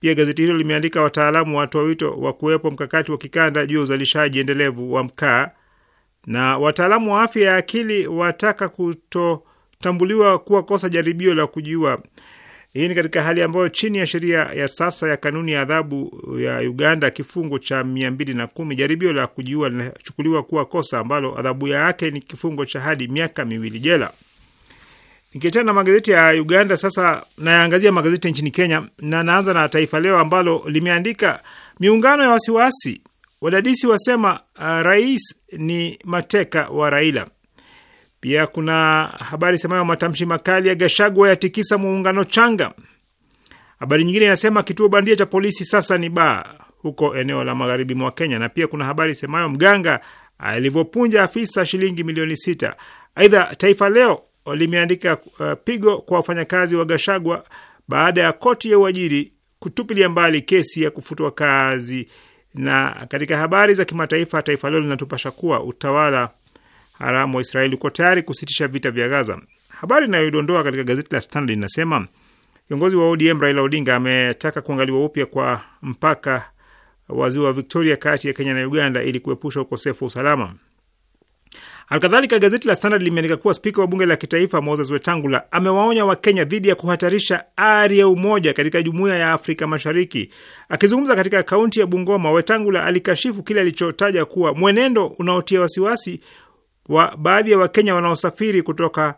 Pia gazeti hilo limeandika wataalamu watoa wito wa kuwepo mkakati wa kikanda juu ya uzalishaji endelevu wa mkaa, na wataalamu wa afya ya akili wataka kutotambuliwa kuwa kosa jaribio la kujiua. Hii ni katika hali ambayo chini ya sheria ya sasa ya kanuni ya adhabu ya Uganda kifungo cha mia mbili na kumi jaribio la kujiua linachukuliwa kuwa kosa ambalo adhabu yake ni kifungo cha hadi miaka miwili jela. Nikiachana na magazeti ya Uganda, sasa nayaangazia magazeti nchini Kenya na naanza na Taifa Leo ambalo limeandika miungano ya wasiwasi, wadadisi wasema uh, rais ni mateka wa Raila. Pia kuna habari semayo matamshi makali ya Gashagwa yatikisa muungano changa. Habari nyingine inasema kituo bandia cha polisi sasa ni baa huko eneo la magharibi mwa Kenya, na pia kuna habari semayo mganga alivyopunja afisa shilingi milioni sita. Aidha, Taifa Leo limeandika uh, pigo kwa wafanyakazi wa Gashagwa baada ya koti ya uajiri kutupilia mbali kesi ya kufutwa kazi. Na katika habari za kimataifa, Taifa Leo linatupasha kuwa utawala haramu wa Israeli uko tayari kusitisha vita vya Gaza. Habari inayodondoa katika gazeti la Standard inasema kiongozi wa ODM Raila Odinga ametaka kuangaliwa upya kwa mpaka wa ziwa Victoria kati ya Kenya na Uganda ili kuepusha ukosefu wa usalama. Alkadhalika, gazeti la Standard limeandika kuwa spika wa bunge la kitaifa Moses Wetangula amewaonya Wakenya dhidi ya kuhatarisha ari ya umoja katika jumuiya ya Afrika Mashariki. Akizungumza katika kaunti ya Bungoma, Wetangula alikashifu kile alichotaja kuwa mwenendo unaotia wasiwasi wa baadhi ya Wakenya wanaosafiri kutoka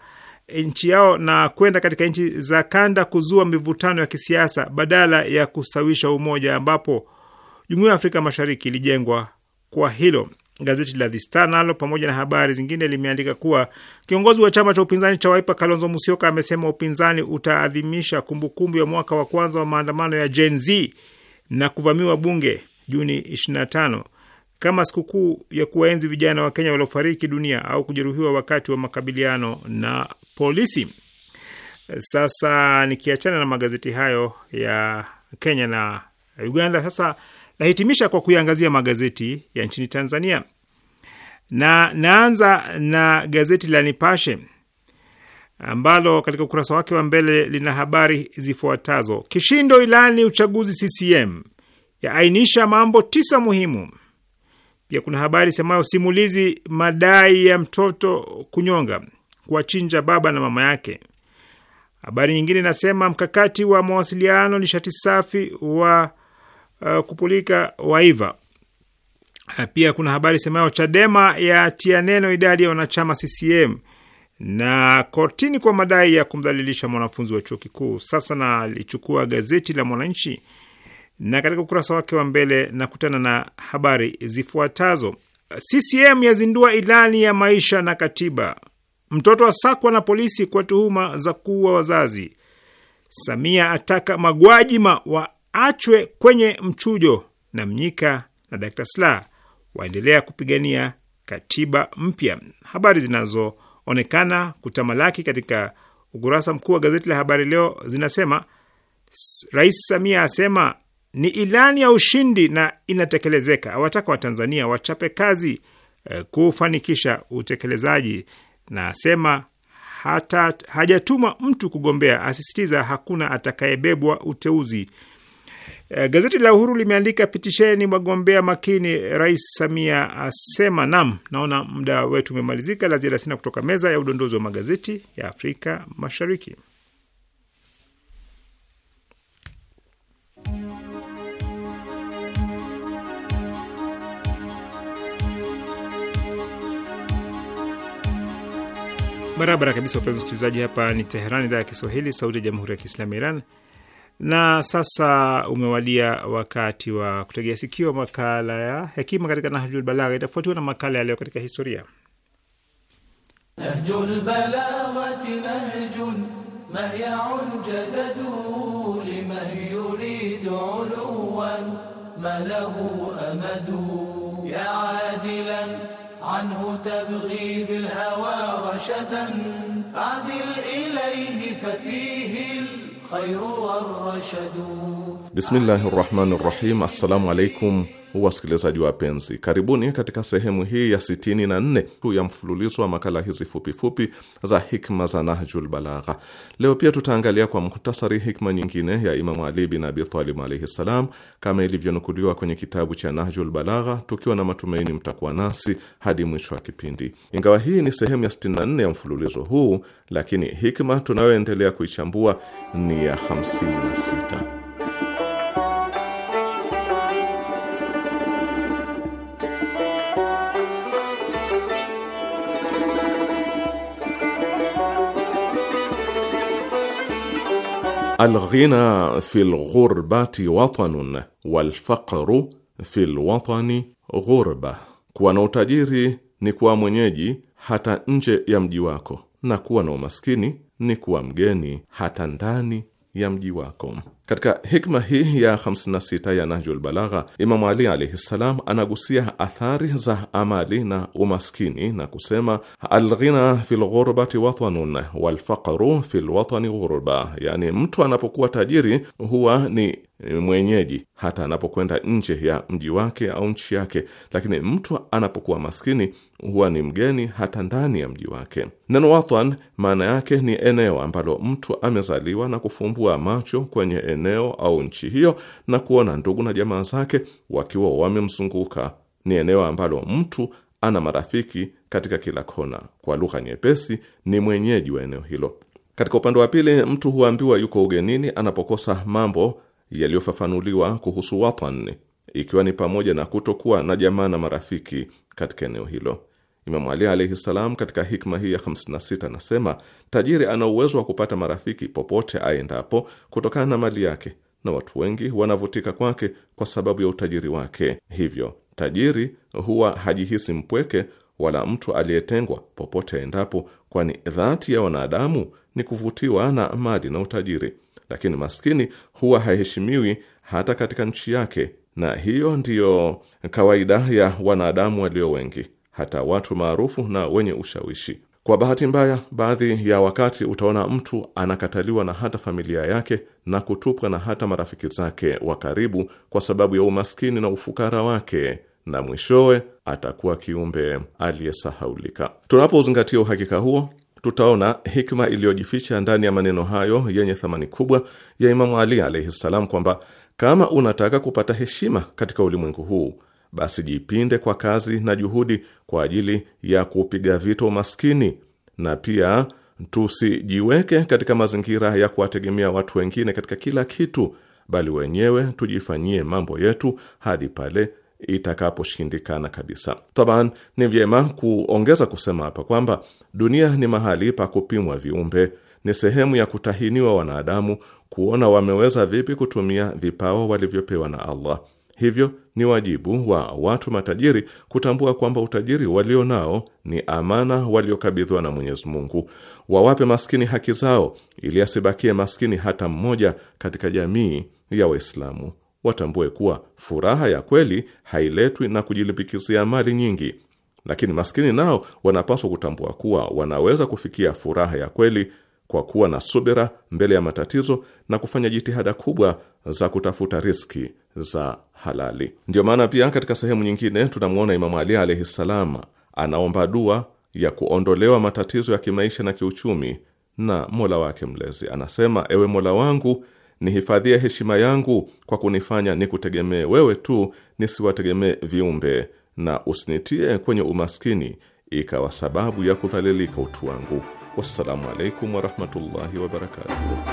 nchi yao na kwenda katika nchi za kanda kuzua mivutano ya kisiasa badala ya kustawisha umoja, ambapo jumuiya ya Afrika Mashariki ilijengwa kwa hilo. Gazeti la The Star nalo pamoja na habari zingine limeandika kuwa kiongozi wa chama cha upinzani cha Wiper Kalonzo Musyoka amesema upinzani utaadhimisha kumbukumbu ya mwaka wa kwanza wa maandamano ya Gen Z na kuvamiwa bunge Juni kama sikukuu ya kuwaenzi vijana wa Kenya waliofariki dunia au kujeruhiwa wakati wa makabiliano na polisi. Sasa nikiachana na magazeti hayo ya Kenya na Uganda, sasa nahitimisha kwa kuiangazia magazeti ya nchini Tanzania na naanza na gazeti la Nipashe ambalo katika ukurasa wake wa mbele lina habari zifuatazo: Kishindo ilani uchaguzi CCM yaainisha mambo tisa muhimu pia kuna habari semayo simulizi madai ya mtoto kunyonga, kuwachinja baba na mama yake. Habari nyingine inasema mkakati wa mawasiliano nishati safi wa uh, kupulika waiva. Uh, pia kuna habari semayo Chadema ya tia neno idadi ya wanachama CCM na kortini kwa madai ya kumdhalilisha mwanafunzi wa chuo kikuu. Sasa nalichukua gazeti la Mwananchi na katika ukurasa wake wa mbele nakutana na habari zifuatazo: CCM yazindua ilani ya maisha na katiba, mtoto asakwa na polisi kwa tuhuma za kuua wazazi, Samia ataka magwajima waachwe kwenye mchujo, na Mnyika na Dr. Sla waendelea kupigania katiba mpya. Habari zinazoonekana kutamalaki katika ukurasa mkuu wa gazeti la Habari Leo zinasema Rais Samia asema ni ilani ya ushindi na inatekelezeka. Awataka Watanzania wachape kazi e, kufanikisha utekelezaji na asema hata hajatuma mtu kugombea, asisitiza hakuna atakayebebwa uteuzi. E, gazeti la Uhuru limeandika pitisheni wagombea makini, Rais Samia asema nam. Naona muda wetu umemalizika, la ziada sina kutoka meza ya udondozi wa magazeti ya Afrika Mashariki. Barabara kabisa, wapenzi wasikilizaji, hapa ni Teheran, idhaa ya Kiswahili, sauti ya jamhuri ya kiislamu ya Iran. Na sasa umewadia wakati wa kutegea sikio makala ya hekima katika Nahjul Balagha, itafuatiwa na makala ya leo katika historia. Nahjul Balaghati, عنه تبغي بالهوى رشدا عدل إليه ففيه الخير والرشد بسم الله الرحمن الرحيم السلام عليكم Wasikilizaji wapenzi, karibuni katika sehemu hii ya 64 tu ya mfululizo wa makala hizi fupifupi za hikma za Nahjul Balagha. Leo pia tutaangalia kwa muhtasari hikma nyingine ya Imamu Ali bin Abi Talib alaihi ssalam, kama ilivyonukuliwa kwenye kitabu cha Nahjul Balagha, tukiwa na matumaini mtakuwa nasi hadi mwisho wa kipindi. Ingawa hii ni sehemu ya 64 ya mfululizo huu, lakini hikma tunayoendelea kuichambua ni ya 56. Alghina fi lghurbati watanun walfaqru fi lwatani ghurba, kuwa na utajiri ni kuwa mwenyeji hata nje ya mji wako, na kuwa na umaskini ni kuwa mgeni hata ndani ya mji wako. Katika hikma hii ya 56 ya Nahjul Balagha, Imamu Ali alaihi ssalam anagusia athari za amali na umaskini na kusema, alghina fi lghurbati watanun walfaqru fi lwatani ghurba, yani mtu anapokuwa tajiri huwa ni mwenyeji hata anapokwenda nje ya mji wake au nchi yake, lakini mtu anapokuwa maskini huwa ni mgeni hata ndani ya mji wake. Neno watan maana yake ni eneo ambalo mtu amezaliwa na kufumbua macho kwenye eneo au nchi hiyo na kuona ndugu na jamaa zake wakiwa wamemzunguka. Ni eneo ambalo mtu ana marafiki katika kila kona. Kwa lugha nyepesi, ni mwenyeji wa eneo hilo. Katika upande wa pili, mtu huambiwa yuko ugenini anapokosa mambo yaliyofafanuliwa kuhusu watan, ikiwa ni pamoja na kutokuwa na jamaa na marafiki katika eneo hilo. Imamu Ali alaihi ssalam katika hikma hii ya 56 anasema, tajiri ana uwezo wa kupata marafiki popote aendapo kutokana na mali yake, na watu wengi wanavutika kwake kwa sababu ya utajiri wake. Hivyo tajiri huwa hajihisi mpweke wala mtu aliyetengwa popote aendapo, kwani dhati ya wanadamu ni kuvutiwa na mali na utajiri. Lakini maskini huwa haheshimiwi hata katika nchi yake, na hiyo ndiyo kawaida ya wanadamu walio wengi hata watu maarufu na wenye ushawishi. Kwa bahati mbaya, baadhi ya wakati utaona mtu anakataliwa na hata familia yake na kutupwa na hata marafiki zake wa karibu kwa sababu ya umaskini na ufukara wake na mwishowe atakuwa kiumbe aliyesahaulika. Tunapozingatia uhakika huo, tutaona hikma iliyojificha ndani ya maneno hayo yenye thamani kubwa ya Imamu Ali alaihi ssalam, kwamba kama unataka kupata heshima katika ulimwengu huu basi jipinde kwa kazi na juhudi kwa ajili ya kupiga vita umaskini, na pia tusijiweke katika mazingira ya kuwategemea watu wengine katika kila kitu, bali wenyewe tujifanyie mambo yetu hadi pale itakaposhindikana kabisa. Taban, ni vyema kuongeza kusema hapa kwamba dunia ni mahali pa kupimwa viumbe, ni sehemu ya kutahiniwa wanadamu kuona wameweza vipi kutumia vipawa walivyopewa na Allah. Hivyo ni wajibu wa watu matajiri kutambua kwamba utajiri walio nao ni amana waliokabidhiwa na Mwenyezi Mungu. Wawape maskini haki zao, ili asibakie maskini hata mmoja katika jamii ya Waislamu. Watambue kuwa furaha ya kweli hailetwi na kujilimbikizia mali nyingi, lakini maskini nao wanapaswa kutambua kuwa wanaweza kufikia furaha ya kweli kwa kuwa na subira mbele ya matatizo na kufanya jitihada kubwa za kutafuta riski za halali. Ndio maana pia katika sehemu nyingine tunamwona Imamu Ali alaihi ssalam anaomba dua ya kuondolewa matatizo ya kimaisha na kiuchumi na mola wake mlezi. Anasema, ewe mola wangu nihifadhie heshima yangu kwa kunifanya nikutegemee wewe tu, nisiwategemee viumbe, na usinitie kwenye umaskini ikawa sababu ya kudhalilika utu wangu. Wassalamu alaikum warahmatullahi wabarakatuh.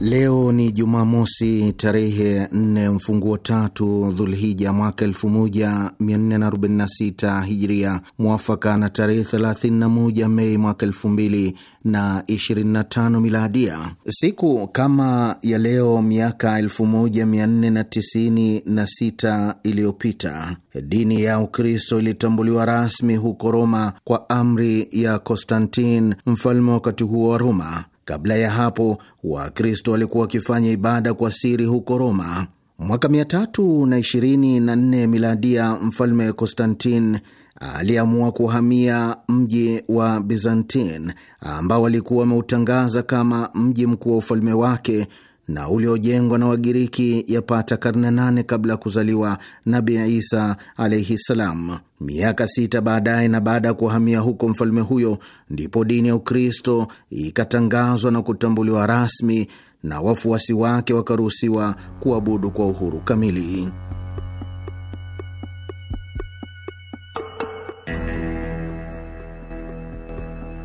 Leo ni Jumamosi, tarehe 4 mfunguo tatu Dhulhija mwaka 1446 Hijria, mwafaka na tarehe 31 Mei mwaka 2025 Miladia. Siku kama ya leo miaka 1496 iliyopita dini ya Ukristo ilitambuliwa rasmi huko Roma kwa amri ya Konstantin, mfalme wakati huo wa Roma. Kabla ya hapo Wakristo walikuwa wakifanya ibada kwa siri huko Roma. Mwaka 324 miladia, mfalme Konstantin aliamua kuhamia mji wa Bizantin ambao alikuwa ameutangaza kama mji mkuu wa ufalme wake na uliojengwa na Wagiriki yapata karne nane kabla ya kuzaliwa Nabi Isa alaihi ssalam. Miaka sita baadaye na baada ya kuhamia huko mfalme huyo, ndipo dini ya Ukristo ikatangazwa na kutambuliwa rasmi na wafuasi wake wakaruhusiwa kuabudu kwa uhuru kamili.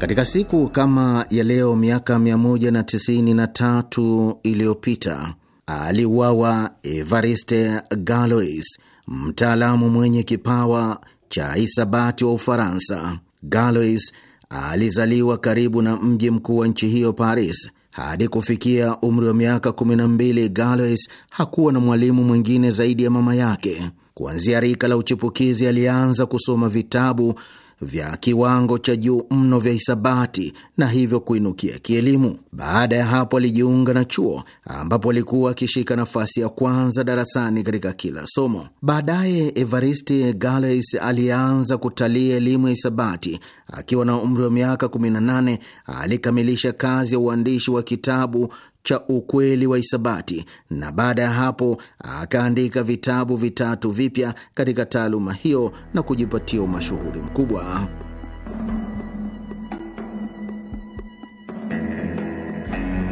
Katika siku kama ya leo miaka 193 iliyopita aliuawa Evariste Galois, mtaalamu mwenye kipawa cha hisabati wa Ufaransa. Galois alizaliwa karibu na mji mkuu wa nchi hiyo Paris. Hadi kufikia umri wa miaka 12, Galois hakuwa na mwalimu mwingine zaidi ya mama yake. Kuanzia rika la uchipukizi alianza kusoma vitabu vya kiwango cha juu mno vya hisabati na hivyo kuinukia kielimu. Baada ya hapo, alijiunga na chuo ambapo alikuwa akishika nafasi ya kwanza darasani katika kila somo. Baadaye Evaristi galeis alianza kutalia elimu ya hisabati. Akiwa na umri wa miaka 18 alikamilisha kazi ya uandishi wa kitabu cha ukweli wa hisabati, na baada ya hapo akaandika vitabu vitatu vipya katika taaluma hiyo na kujipatia umashuhuri mkubwa.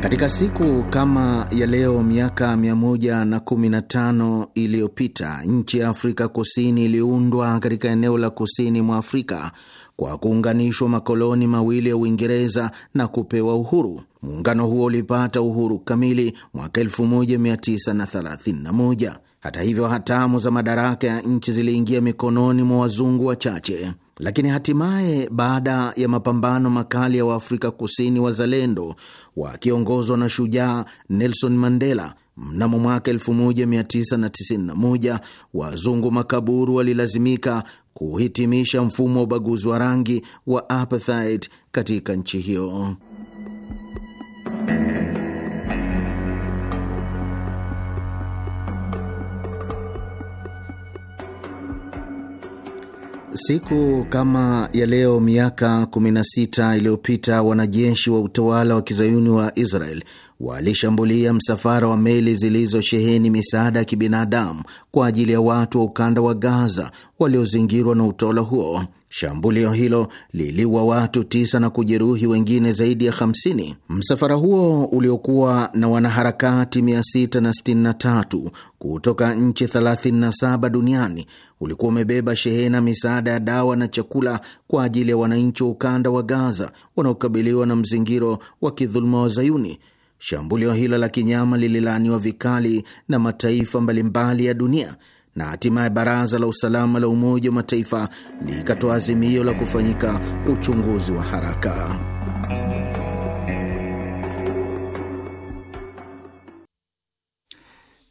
Katika siku kama ya leo miaka 115 iliyopita nchi ya Afrika Kusini iliundwa katika eneo la kusini mwa Afrika kwa kuunganishwa makoloni mawili ya Uingereza na kupewa uhuru. Muungano huo ulipata uhuru kamili mwaka 1931. Hata hivyo, hatamu za madaraka ya nchi ziliingia mikononi mwa wazungu wachache, lakini hatimaye baada ya mapambano makali ya Waafrika Kusini wazalendo wakiongozwa na shujaa Nelson Mandela Mnamo mwaka 1991 wazungu makaburu walilazimika kuhitimisha mfumo wa ubaguzi wa rangi wa apartheid katika nchi hiyo. Siku kama ya leo miaka 16 iliyopita wanajeshi wa utawala wa kizayuni wa Israel walishambulia msafara wa meli zilizosheheni misaada ya kibinadamu kwa ajili ya watu wa ukanda wa Gaza waliozingirwa na utawala huo. Shambulio hilo liliwa watu tisa na kujeruhi wengine zaidi ya 50. Msafara huo uliokuwa na wanaharakati 663 kutoka nchi 37 duniani ulikuwa umebeba shehena misaada ya dawa na chakula kwa ajili ya wananchi wa ukanda wa Gaza wanaokabiliwa na mzingiro wa kidhuluma wa Zayuni. Shambulio hilo la kinyama lililaaniwa vikali na mataifa mbalimbali ya dunia na hatimaye Baraza la Usalama la Umoja wa Mataifa likatoa azimio la kufanyika uchunguzi wa haraka.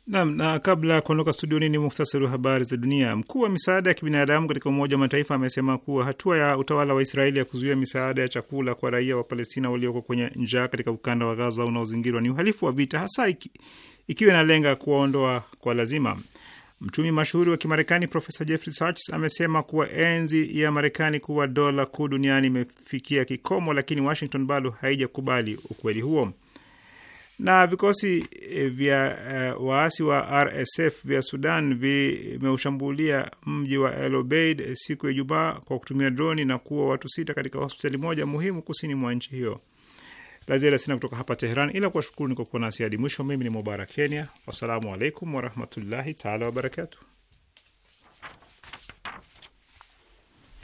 nam na kabla ya kuondoka studioni ni muhtasari wa habari za dunia. Mkuu wa misaada ya kibinadamu katika Umoja wa Mataifa amesema kuwa hatua ya utawala wa Israeli ya kuzuia misaada ya chakula kwa raia wa Palestina walioko kwenye njaa katika ukanda wa Gaza unaozingirwa ni uhalifu wa vita, hasa iki, ikiwa inalenga kuwaondoa kwa lazima Mchumi mashuhuri wa Kimarekani Profesa Jeffrey Sachs amesema kuwa enzi ya Marekani kuwa dola kuu duniani imefikia kikomo, lakini Washington bado haijakubali ukweli huo. Na vikosi eh, vya uh, waasi wa RSF vya Sudan vimeushambulia mji wa El Obeid siku ya Ijumaa kwa kutumia droni na kuua watu sita katika hospitali moja muhimu kusini mwa nchi hiyo la ziada sina kutoka hapa Teheran ila kuwashukuru kwa kuwa nasi hadi mwisho. Mimi ni Mubarak Kenya, wassalamu alaikum warahmatullahi taala wabarakatuh.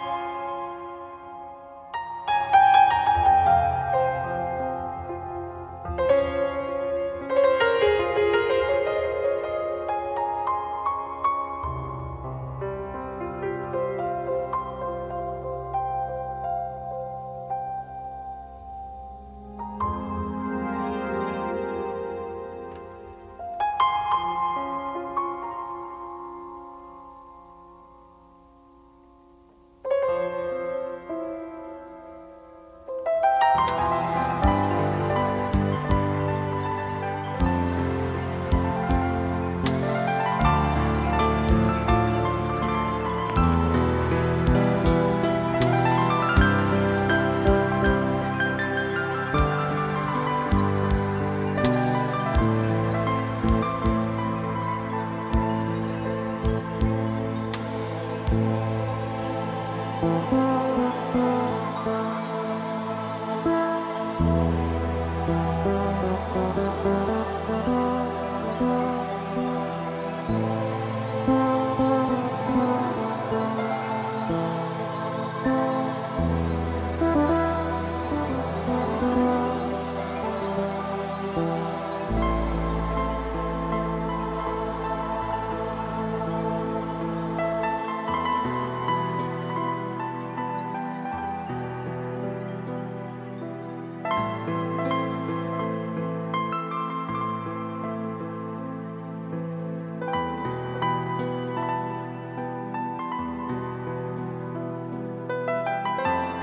Thank you.